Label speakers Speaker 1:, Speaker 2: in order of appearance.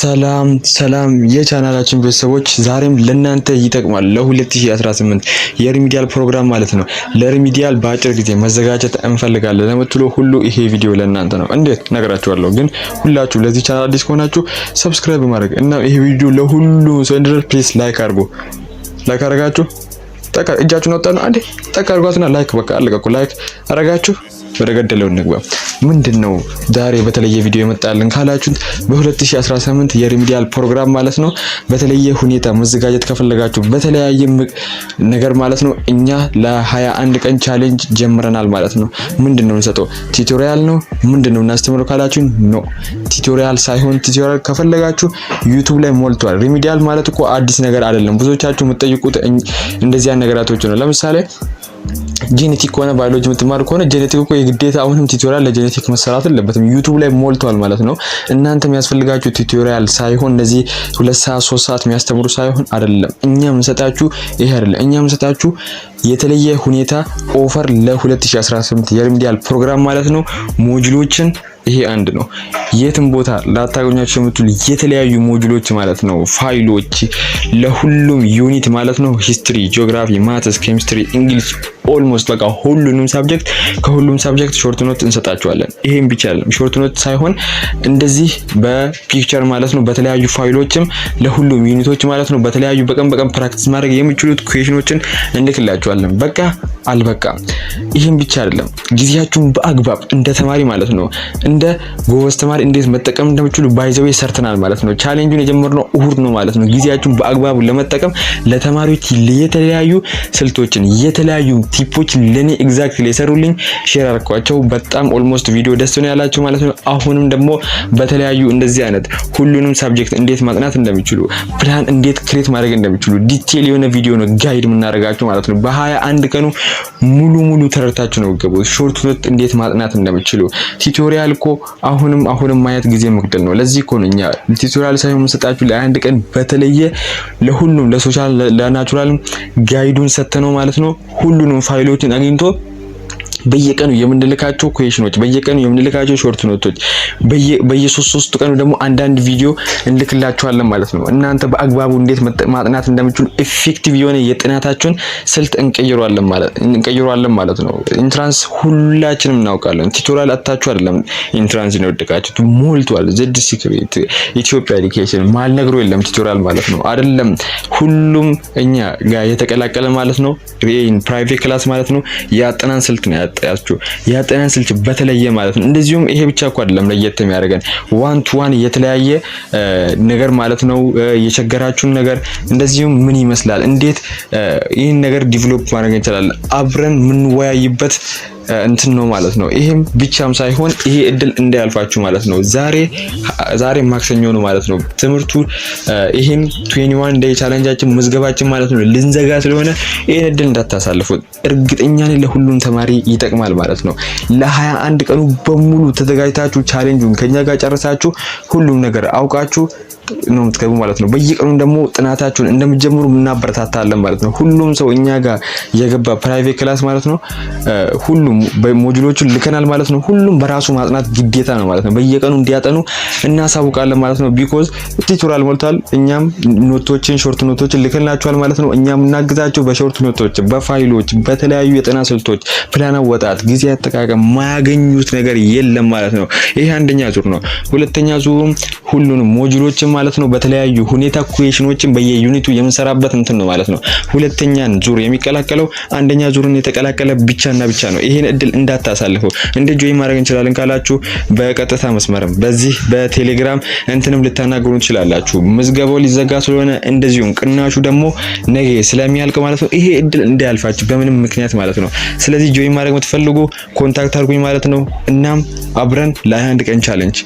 Speaker 1: ሰላም ሰላም የቻናላችን ቤተሰቦች ዛሬም ለእናንተ ይጠቅማል ለ2018 የሪሚዲያል ፕሮግራም ማለት ነው። ለሪሚዲያል በአጭር ጊዜ መዘጋጀት እንፈልጋለን ለምትሉ ሁሉ ይሄ ቪዲዮ ለእናንተ ነው። እንዴት ነገራችኋለሁ፣ ግን ሁላችሁ ለዚህ ቻናል አዲስ ከሆናችሁ ሰብስክራይብ ማድረግ እና ይሄ ቪዲዮ ለሁሉ ሰው እንዲደርስ ፕሊስ ላይክ አድርጉ። ላይክ አድርጋችሁ ጠቅ እጃችሁን ወጣ ነው አንዴ ጠቅ አድርጓትና ላይክ በቃ አለቀቁ። ላይክ አረጋችሁ ወደ ገደለው እንግባ። ምንድን ነው ዛሬ በተለየ ቪዲዮ የመጣልን ካላችሁት በ2018 የሪሚዲያል ፕሮግራም ማለት ነው በተለየ ሁኔታ መዘጋጀት ከፈለጋችሁ በተለያየ ነገር ማለት ነው እኛ ለ21 ቀን ቻሌንጅ ጀምረናል ማለት ነው። ምንድን ነው እንሰጠው ቲቶሪያል ነው ምንድን ነው እናስተምረው ካላችሁን ኖ ቲቶሪያል ሳይሆን ቲቶሪያል ከፈለጋችሁ ዩቱብ ላይ ሞልቷል። ሪሚዲያል ማለት እኮ አዲስ ነገር አይደለም። ብዙዎቻችሁ የምትጠይቁት እንደዚያ ነገራቶች ነው። ለምሳሌ ጄኔቲክ ከሆነ ባዮሎጂ የምትማሩ ከሆነ ጄኔቲክ እኮ የግዴታ አሁንም ቲቶሪያል ለጄኔቲክ መሰራት አለበትም። ዩቱብ ላይ ሞልቷል ማለት ነው። እናንተ የሚያስፈልጋችሁ ቲቶሪያል ሳይሆን እነዚህ ሁለት ሰዓት ሶስት ሰዓት የሚያስተምሩ ሳይሆን አይደለም። እኛ የምንሰጣችሁ ይሄ አይደለም። እኛ የምንሰጣችሁ የተለየ ሁኔታ ኦፈር ለ2018 የሪሚዲያል ፕሮግራም ማለት ነው ሞጁሎችን ይሄ አንድ ነው። የትም ቦታ ላታገኛቸው የምትሉ የተለያዩ ሞጁሎች ማለት ነው ፋይሎች ለሁሉም ዩኒት ማለት ነው ሂስትሪ፣ ጂኦግራፊ፣ ማትስ፣ ኬሚስትሪ፣ እንግሊዝ ኦልሞስት በቃ ሁሉንም ሳብጀክት ከሁሉም ሳብጀክት ሾርት ኖት እንሰጣቸዋለን። ይሄም ብቻ አይደለም ሾርት ኖት ሳይሆን እንደዚህ በፒክቸር ማለት ነው በተለያዩ ፋይሎችም ለሁሉም ዩኒቶች ማለት ነው በተለያዩ በቀን በቀን ፕራክቲስ ማድረግ የሚችሉት ኩዌሽኖችን እንልክላቸዋል። አይባልም። በቃ አልበቃም። ይህም ብቻ አይደለም፣ ጊዜያችሁን በአግባብ እንደ ተማሪ ማለት ነው እንደ ጎበዝ ተማሪ እንዴት መጠቀም እንደምችሉ ባይዘው ሰርተናል ማለት ነው። ቻሌንጁን የጀመርነው እሁድ ነው ማለት ነው። ጊዜያችሁን በአግባቡ ለመጠቀም ለተማሪዎች የተለያዩ ስልቶችን የተለያዩ ቲፖች ለእኔ ኤግዛክትሊ የሰሩልኝ ሼር አርኳቸው። በጣም ኦልሞስት ቪዲዮ ደስ ነው ያላቸው ማለት ነው። አሁንም ደግሞ በተለያዩ እንደዚህ አይነት ሁሉንም ሳብጀክት እንዴት ማጥናት እንደሚችሉ ፕላን እንዴት ክሬት ማድረግ እንደሚችሉ ዲቴል የሆነ ቪዲዮ ነው ጋይድ የምናደርጋቸው ማለት ነው። በ አንድ ቀኑ ሙሉ ሙሉ ተረድታችሁ ነው ገቡ። ሾርት ኖት እንዴት ማጥናት እንደምችሉ ቲቶሪያል እኮ አሁንም አሁንም ማየት ጊዜ መግደል ነው። ለዚህ እኮ ነው እኛ ቲቶሪያል ሳይሆን የምንሰጣችሁ ለአንድ ቀን በተለየ ለሁሉም ለሶሻል ለናቹራልም ጋይዱን ሰጥተነው ማለት ነው። ሁሉንም ፋይሎችን አግኝቶ በየቀኑ የምንልካቸው ኩዌሽኖች፣ በየቀኑ የምንልካቸው ሾርት ኖቶች፣ በየሶስት ሶስት ቀኑ ደግሞ አንዳንድ ቪዲዮ እንልክላችኋለን ማለት ነው። እናንተ በአግባቡ እንዴት ማጥናት እንደምችሉ ኤፌክቲቭ የሆነ የጥናታችሁን ስልት እንቀይሯለን ማለት ነው። ኢንትራንስ ሁላችንም እናውቃለን። ቲቶሪያል አታችሁ አይደለም ኢንትራንስ ይወደቃችሁ ሞልቷል። ዘድ ሲክሬት ኢትዮጵያ ኤዱኬሽን ማልነግሮ የለም ቲቶሪያል ማለት ነው አይደለም ሁሉም እኛ ጋር የተቀላቀለ ማለት ነው። ፕራይቬት ክላስ ማለት ነው። የአጠናን ስልት ነው ያጣያችሁ ያጣያን ስልት በተለየ ማለት ነው። እንደዚሁም ይሄ ብቻ እኮ አይደለም ለየት የሚያደርገን ዋን ቱ ዋን የተለያየ ነገር ማለት ነው። የቸገራችሁን ነገር እንደዚሁም ምን ይመስላል፣ እንዴት ይህን ነገር ዲቨሎፕ ማድረግ እንችላለን አብረን የምንወያይበት እንትን ነው ማለት ነው። ይሄም ብቻም ሳይሆን ይሄ እድል እንዳያልፋችሁ ማለት ነው። ዛሬ ዛሬ ማክሰኞ ነው ማለት ነው ትምህርቱ ይሄን 21 ዴይ ቻለንጃችን መዝገባችን ማለት ነው ልንዘጋ ስለሆነ ይሄን እድል እንዳታሳልፉት። እርግጠኛ ነኝ ለሁሉም ተማሪ ይጠቅማል ማለት ነው። ለ አንድ ቀኑ በሙሉ ተዘጋጅታችሁ ቻሌንጁን ከኛ ጋር ጨርሳችሁ ሁሉም ነገር አውቃችሁ ነው የምትገቡ ማለት ነው። በየቀኑ ደግሞ ጥናታችሁን እንደምትጀምሩ እናበረታታለን ማለት ነው። ሁሉም ሰው እኛ ጋር የገባ ፕራይቬት ክላስ ማለት ነው። ሁሉም ሞጁሎቹን ልከናል ማለት ነው። ሁሉም በራሱ ማጥናት ግዴታ ነው ማለት ነው። በየቀኑ እንዲያጠኑ እናሳውቃለን ማለት ነው። ቢኮዝ ቲቶራል ሞልቷል። እኛም ኖቶችን ሾርት ኖቶችን ልከንላችኋል ማለት ነው። እኛም እናግዛቸው በሾርት ኖቶች፣ በፋይሎች፣ በተለያዩ የጥና ስልቶች፣ ፕላን አወጣት፣ ጊዜ አጠቃቀም ማያገኙት ነገር የለም ማለት ነው። ይሄ አንደኛ ዙር ነው። ሁለተኛ ዙርም ሁሉንም ሞጁሎችን ማለት ነው በተለያዩ ሁኔታ ኩዌሽኖችን በየዩኒቱ የምንሰራበት እንትን ነው ማለት ነው። ሁለተኛን ዙር የሚቀላቀለው አንደኛ ዙርን የተቀላቀለ ብቻና ብቻ ነው። ይሄን እድል እንዳታሳልፉ። እንደ ጆይን ማድረግ እንችላለን ካላችሁ በቀጥታ መስመርም በዚህ በቴሌግራም እንትንም ልታናግሩ ትችላላችሁ። ምዝገባው ሊዘጋ ስለሆነ እንደዚሁም ቅናሹ ደግሞ ነገ ስለሚያልቅ ማለት ነው። ይሄ እድል እንዳያልፋችሁ በምንም ምክንያት ማለት ነው። ስለዚህ ጆይን ማድረግ የምትፈልጉ ኮንታክት አድርጉኝ ማለት ነው። እናም አብረን ለ21 ቀን ቻለንጅ